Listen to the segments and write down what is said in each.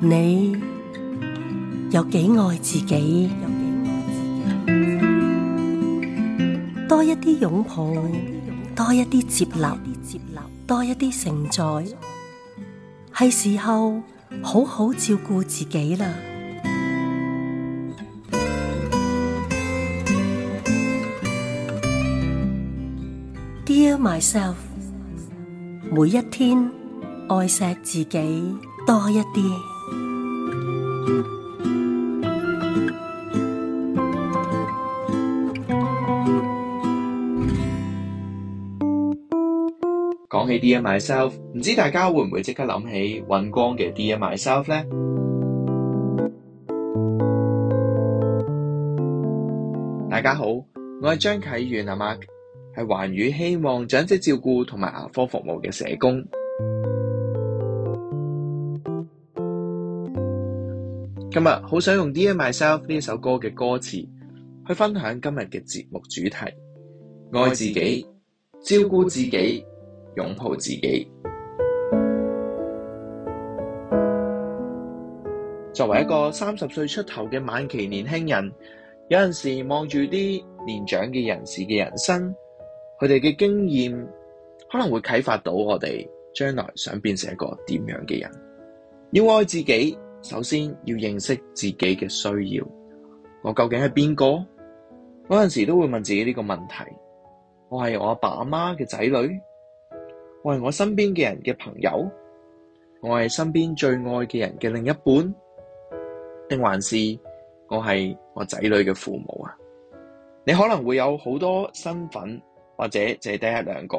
你有幾愛自己？多一啲擁抱，多一啲接納，多一啲承載，係時候好好照顧自己啦。Dear myself，每一天愛錫自己多一啲。.講起《Dear Myself》，唔知大家會唔會即刻諗起尹光嘅《Dear Myself》呢？大家好，我係張啟遠阿 Mark，係環宇希望長者照顧同埋牙科服務嘅社工。今日好想用《Dear Myself》呢首歌嘅歌詞去分享今日嘅節目主題：愛自己、照顧自己、擁抱自己。作為一個三十歲出頭嘅晚期年輕人，有陣時望住啲年長嘅人士嘅人生，佢哋嘅經驗可能會啟發到我哋將來想變成一個點樣嘅人？要愛自己。首先要認識自己嘅需要，我究竟係邊個？嗰陣時都會問自己呢個問題：我係我阿爸阿媽嘅仔女，我係我身邊嘅人嘅朋友，我係身邊最愛嘅人嘅另一半，定還是我係我仔女嘅父母啊？你可能會有好多身份，或者就係得一兩個。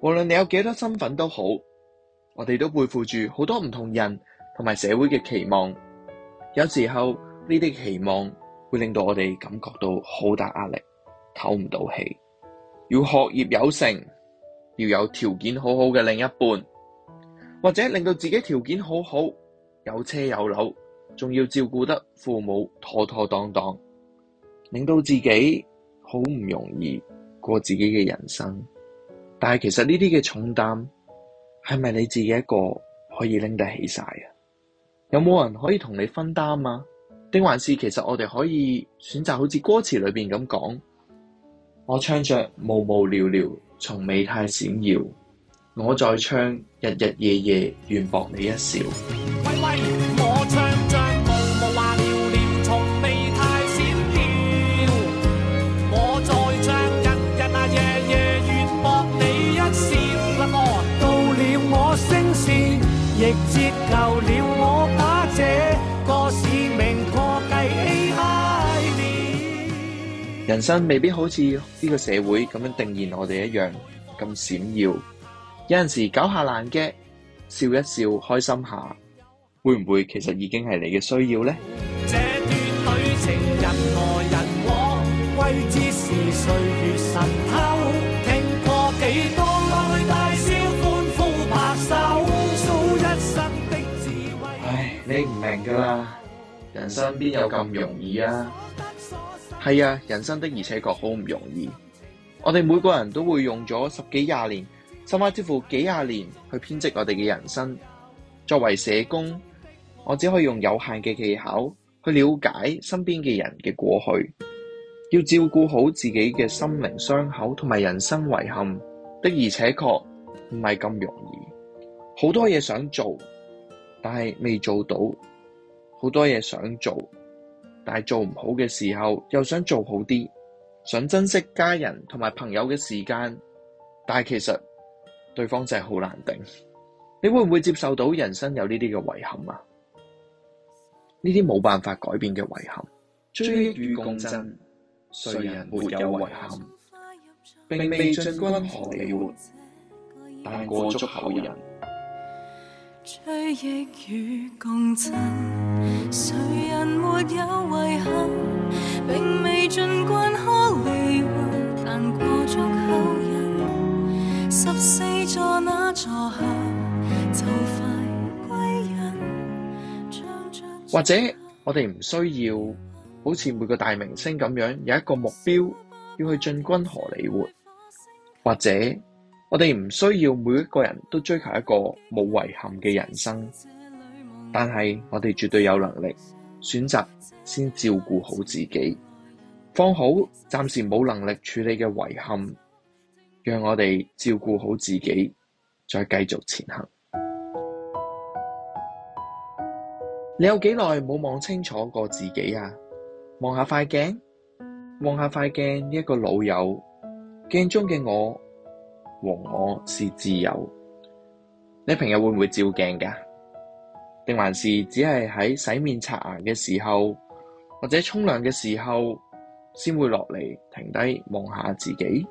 無論你有幾多身份都好，我哋都背負住好多唔同人。同埋社會嘅期望，有時候呢啲期望會令到我哋感覺到好大壓力，透唔到氣。要學業有成，要有條件好好嘅另一半，或者令到自己條件好好，有車有樓，仲要照顧得父母妥妥當當，令到自己好唔容易過自己嘅人生。但係其實呢啲嘅重擔，係咪你自己一個可以拎得起晒啊？有冇人可以同你分擔啊？定還是其實我哋可以選擇好似歌詞裏邊咁講，我唱着無無聊聊，從未太閃耀，我在唱日日夜夜願搏你一笑。喂喂，我唱着無無話聊聊，從未太閃耀，我在唱日日、啊、夜夜願搏你一笑。我到了我聲線，亦人生未必好似呢個社會咁樣定現我哋一樣咁閃耀，有陣時搞下爛嘅，笑一笑開心下，會唔會其實已經係你嘅需要呢？唉，你唔明噶啦，人生邊有咁容易啊？係啊，人生的而且確好唔容易。我哋每個人都會用咗十幾廿年，甚至乎幾廿年去編織我哋嘅人生。作為社工，我只可以用有限嘅技巧去了解身邊嘅人嘅過去。要照顧好自己嘅心靈傷口同埋人生遺憾，的而且確唔係咁容易。好多嘢想做，但係未做到。好多嘢想做。但係做唔好嘅時候，又想做好啲，想珍惜家人同埋朋友嘅時間，但係其實對方真係好難頂。你會唔會接受到人生有呢啲嘅遺憾啊？呢啲冇辦法改變嘅遺憾。追憶與共震，誰人沒有遺憾？並未進軍 Hollywood，但過足口癮。追憶與共震，誰人沒有遺憾？並未進軍荷里活，但過足口癮。十四座那座後就快歸人。或者，我哋唔需要好似每個大明星咁樣，有一個目標要去進軍荷里活，或者。我哋唔需要每一個人都追求一個冇遺憾嘅人生，但係我哋絕對有能力選擇先照顧好自己，放好暫時冇能力處理嘅遺憾，讓我哋照顧好自己，再繼續前行。你有幾耐冇望清楚過自己啊？望下塊鏡，望下塊鏡呢一個老友，鏡中嘅我。和我是自由，你平日會唔會照鏡㗎？定還是只係喺洗面刷牙嘅時候，或者沖涼嘅時候，先會落嚟，停低望下看看自己？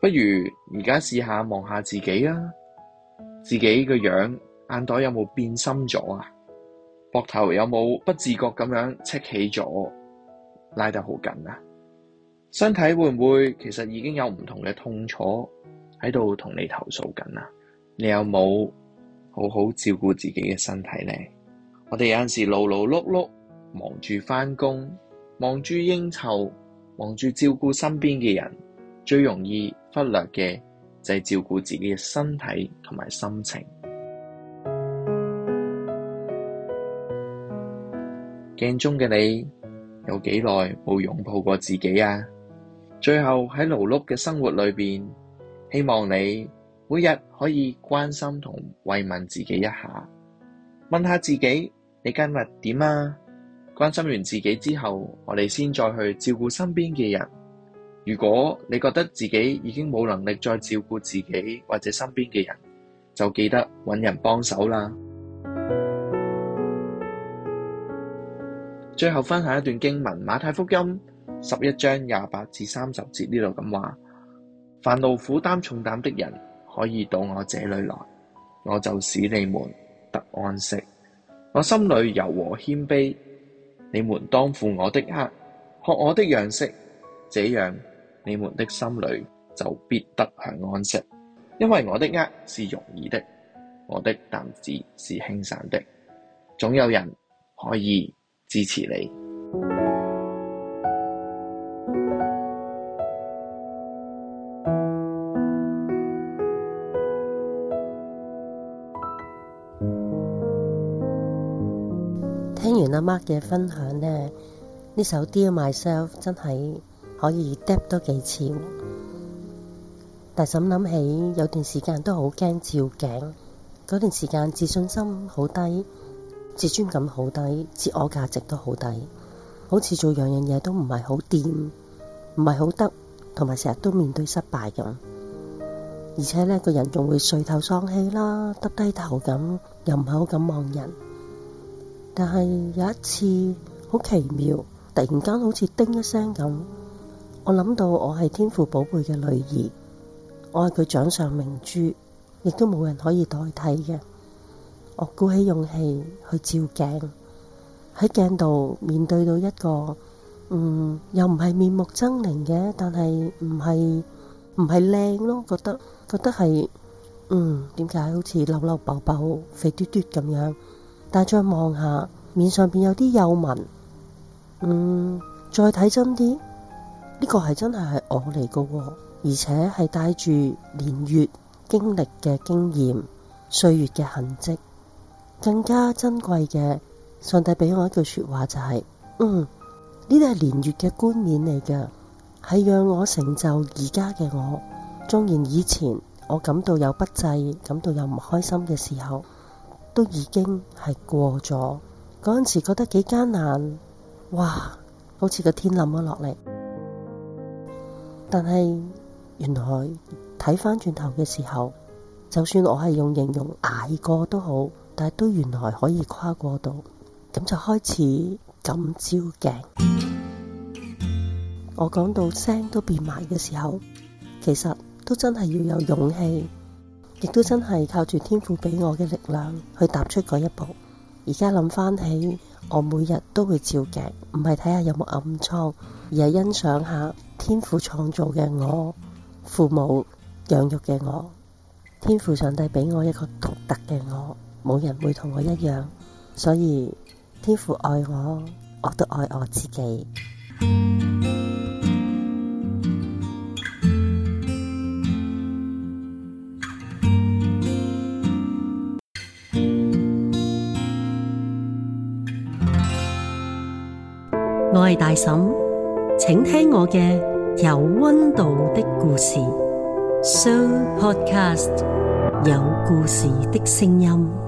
不如而家試下望下自己啊，自己個樣，眼袋有冇變深咗啊？膊頭有冇不自覺咁樣戚起咗，拉得好緊啊？身體會唔會其實已經有唔同嘅痛楚喺度同你投訴緊啊？你有冇好好照顧自己嘅身體呢？我哋有陣時勞勞碌碌，忙住返工，忙住應酬，忙住照顧身邊嘅人，最容易忽略嘅就係照顧自己嘅身體同埋心情。鏡中嘅你有幾耐冇擁抱過自己啊？最後喺勞碌嘅生活裏邊，希望你每日可以關心同慰問自己一下，問下自己你今日點啊？關心完自己之後，我哋先再去照顧身邊嘅人。如果你覺得自己已經冇能力再照顧自己或者身邊嘅人，就記得揾人幫手啦。最後分享一段經文《馬太福音》。十一章廿八至三十節呢度咁話，凡勞苦擔重擔的人可以到我這裏來，我就使你們得安息。我心裏柔和謙卑，你們當負我的軛，學我的樣式，這樣，你們的心裏就必得享安息。因為我的軛是容易的，我的擔子是輕省的，總有人可以支持你。阿媽嘅分享呢，呢首《Dear Myself》真係可以 dé 多幾次。大沈諗起有段時間都好驚照鏡，嗰段時間自信心好低，自尊感好低，自我價值都好低，好似做樣樣嘢都唔係好掂，唔係好得，同埋成日都面對失敗咁。而且呢個人仲會垂頭喪氣啦，耷低頭咁，又唔好咁望人。但係有一次，好奇妙，突然間好似叮一聲咁，我諗到我係天父寶貝嘅女兒，我係佢掌上明珠，亦都冇人可以代替嘅。我鼓起勇氣去照鏡，喺鏡度面對到一個，嗯，又唔係面目猙獰嘅，但係唔係唔係靚咯，覺得覺得係，嗯，點解好似嬲嬲爆爆、肥嘟嘟咁樣？但再望下，面上邊有啲幼紋，嗯，再睇真啲，呢、這個係真係係我嚟噶、哦，而且係帶住年月經歷嘅經驗、歲月嘅痕跡，更加珍貴嘅。上帝俾我一句說話就係、是，嗯，呢啲係年月嘅冠冕嚟嘅，係讓我成就而家嘅我。縱然以前我感到有不濟、感到有唔開心嘅時候。都已經係過咗，嗰陣時覺得幾艱難，哇，好似個天冧咗落嚟。但係原來睇翻轉頭嘅時候，就算我係用形容挨過都好，但係都原來可以跨過到，咁就開始咁招鏡。 我講到聲都變埋嘅時候，其實都真係要有勇氣。亦都真係靠住天父俾我嘅力量去踏出嗰一步。而家諗翻起，我每日都會照鏡，唔係睇下有冇暗瘡，而係欣賞下天父創造嘅我，父母養育嘅我，天父上帝俾我一個獨特嘅我，冇人會同我一樣，所以天父愛我，我都愛我自己。Sooo 大沈，請聽我嘅有溫度的故事，Sooo Podcast 有故事的聲音。